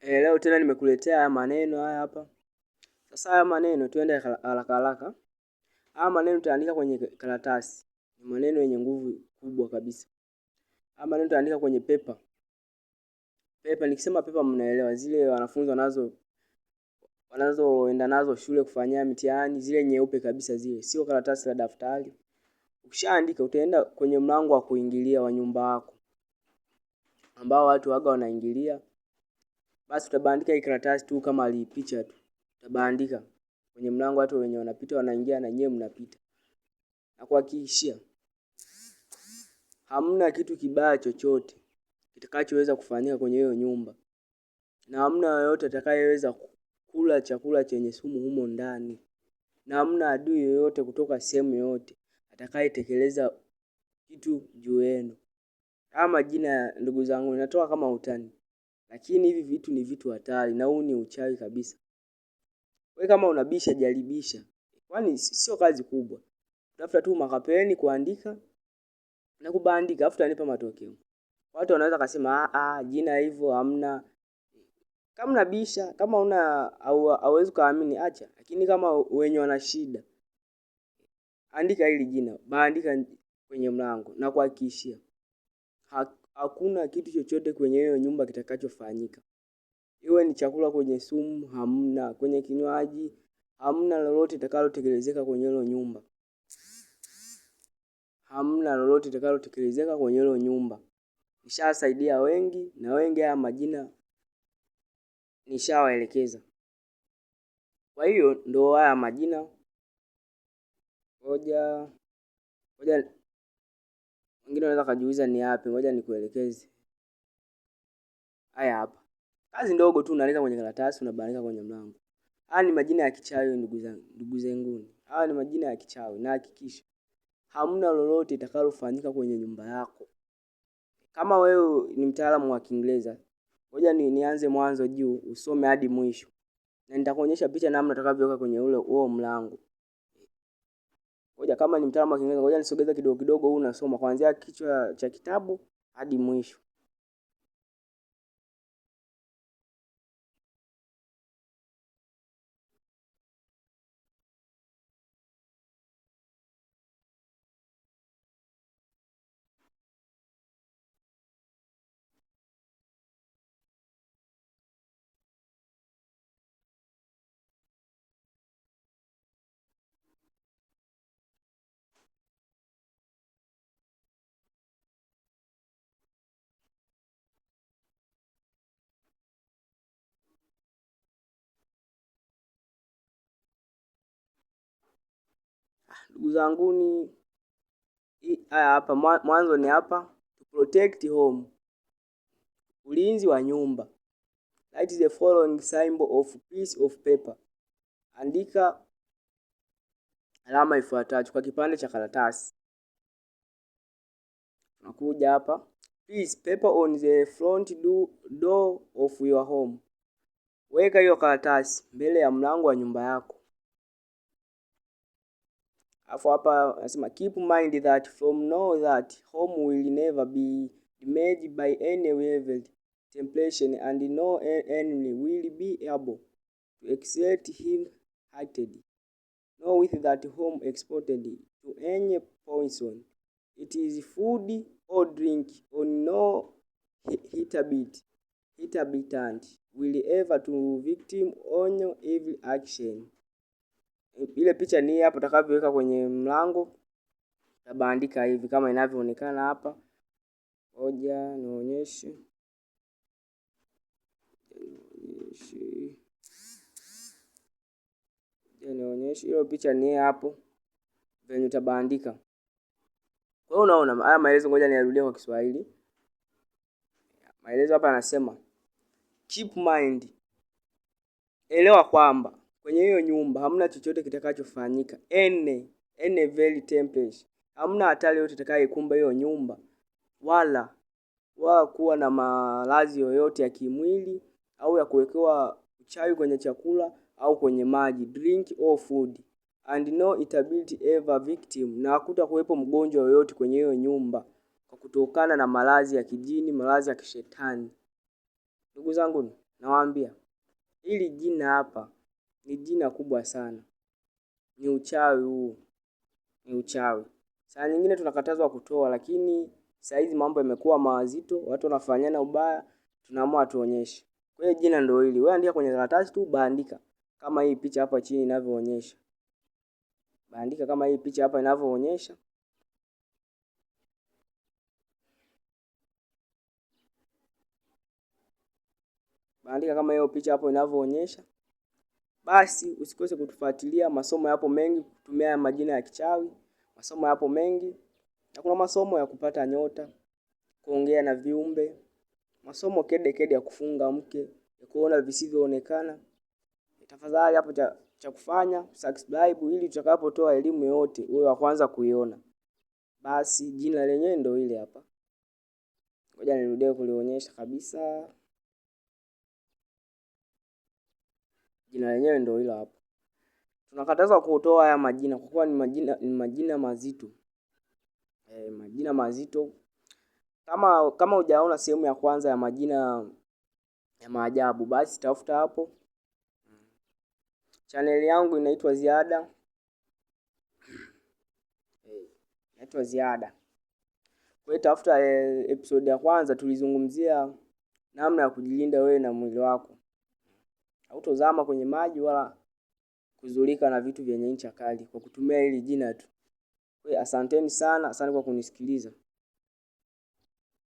E, leo tena nimekuletea haya maneno haya hapa. Sasa haya maneno tuende haraka haraka. Haya maneno tutaandika kwenye karatasi. Ni maneno yenye nguvu kubwa kabisa. Haya maneno tutaandika kwenye pepa. Pepa, nikisema pepa mnaelewa zile wanafunzi wanazo wanazoenda nazo shule kufanyia mitihani, zile nyeupe kabisa zile, sio karatasi la daftari. Ukishaandika utaenda kwenye mlango wa kuingilia wa nyumba yako ambao watu waga wanaingilia basi utabandika hii karatasi tu kama alipicha tu, utabandika kwenye mlango, watu wenye wanapita wanaingia na nyewe mnapita, na kuhakikishia hamna kitu kibaya chochote kitakachoweza kufanyika kwenye hiyo nyumba, na hamna yoyote atakayeweza kula chakula chenye sumu humo ndani, na hamna adui yoyote kutoka sehemu yoyote atakayetekeleza kitu juu yenu. Kama jina ya ndugu zangu, natoa kama utani lakini hivi vitu ni vitu hatari na huu ni uchawi kabisa. Wewe kama unabisha, jaribisha, kwani sio kazi kubwa. Tafuta tu makapeni kuandika na kubandika, afu tanipa matokeo. Watu wanaweza kasema a, ah, ah, jina hivyo hamna. Kama unabisha, kama una hauwezi ukaamini, acha. Lakini kama wenye wana shida, andika hili jina, baandika kwenye mlango na kuhakikishia Hakuna kitu chochote kwenye hiyo nyumba kitakachofanyika, iwe ni chakula kwenye sumu hamna, kwenye kinywaji hamna, lolote itakalotekelezeka kwenye hilo nyumba hamna, lolote itakalotekelezeka kwenye hilo nyumba. Nishawasaidia wengi na wengi, haya majina nishawaelekeza. Kwa hiyo ndo haya majina moja moja wengine wanaweza kujiuliza ni yapi, ngoja nikuelekeze. Haya hapa, kazi ndogo tu, unaandika kwenye karatasi, unabandika kwenye mlango. Haya ni majina ya kichawi, ndugu zangu, ndugu zangu. haya ni majina ya kichawi, na hakikisha hamna lolote itakalofanyika kwenye nyumba yako. Kama wewe ni mtaalamu wa Kiingereza, ngoja ni, nianze mwanzo juu usome hadi mwisho, na nitakuonyesha picha namna utakavyoweka kwenye ule huo mlango. Ngoja kama ni mtaalamu wa Kiingereza, ngoja nisogeza kidogo kidogo, huu nasoma kuanzia kichwa cha kitabu hadi mwisho. Ndugu zanguni, haya hapa mwanzo ni hapa, to protect home, ulinzi wa nyumba. Write the following symbol of piece of paper, andika alama ifuatayo kwa kipande cha karatasi. Nakuja hapa, please paper on the front door of your home. Weka hiyo karatasi mbele ya mlango wa nyumba yako. Alafu hapa anasema keep mind that from know that home will never be damaged by any level templation and no enemy will be able to exert him hearted no with that home exported to any poison it is food or drink or no hitabit hitabitant will ever to victim on evil action ile picha ni hapo utakavyoweka kwenye mlango utabandika hivi kama inavyoonekana hapa. Ngoja nionyeshe nionyeshe hiyo picha ni hapo venye utabandika. Kwa hiyo unaona haya maelezo, ngoja niyarudie kwa Kiswahili. Maelezo hapa yanasema keep mind, elewa kwamba kwenye hiyo nyumba hamna chochote kitakachofanyika. Ene ene very tempest, hamna hatari yoyote itakayoikumba hiyo nyumba, wala wala kuwa na maradhi yoyote ya kimwili au ya kuwekewa uchawi kwenye chakula au kwenye maji, drink or food and no itability ever victim, na kuwepo mgonjwa yoyote kwenye hiyo nyumba kwa kutokana na maradhi ya kijini, maradhi ya kishetani. Ndugu zangu, nawaambia hili jina hapa ni jina kubwa sana, ni uchawi huu, ni uchawi. Saa nyingine tunakatazwa kutoa, lakini saa hizi mambo yamekuwa mazito, watu wanafanyana ubaya, tunaamua tuonyeshe. Kwa hiyo jina ndio hili, wewe andika kwenye karatasi tu, bandika kama hii picha hapa chini inavyoonyesha, baandika kama hii picha hapa inavyoonyesha. Baandika kama hiyo picha hapo inavyoonyesha. Basi usikose kutufuatilia, masomo yapo mengi kutumia majina ya kichawi, masomo yapo mengi, na kuna masomo ya kupata nyota, kuongea na viumbe, masomo kede kede ya kufunga mke, ya kuona visivyoonekana. Tafadhali hapo cha, cha kufanya subscribe, ili utakapotoa elimu yoyote uwe wa kwanza kuiona. Basi jina lenyewe ndio ile hapa, ngoja nirudie kulionyesha kabisa. jina lenyewe ndio hilo hapo. Tunakataza kutoa haya majina kwa kuwa ni majina, ni majina mazito e, majina mazito kama kama hujaona sehemu ya kwanza ya majina ya maajabu, basi tafuta hapo. Chaneli yangu inaitwa Ziada e, inaitwa Ziada. Kwa hiyo tafuta e, episode ya kwanza tulizungumzia namna ya kujilinda wewe na mwili wako hautozama kwenye maji wala kuzulika na vitu vyenye ncha kali kwa kutumia hili jina tu. Asanteni sana, asante kwa kunisikiliza.